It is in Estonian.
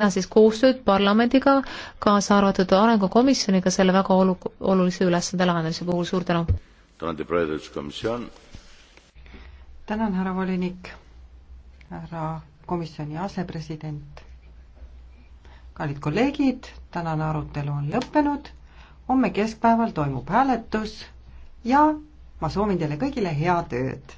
teha siis koostööd parlamendiga, kaasa arvatud Arengukomisjoniga selle väga olu-, olulise ülesande lahendamise puhul, suur tänu! tänan, härra volinik, härra komisjoni asepresident, kallid kolleegid, tänane arutelu on lõppenud, homme keskpäeval toimub hääletus ja ma soovin teile kõigile head ööd!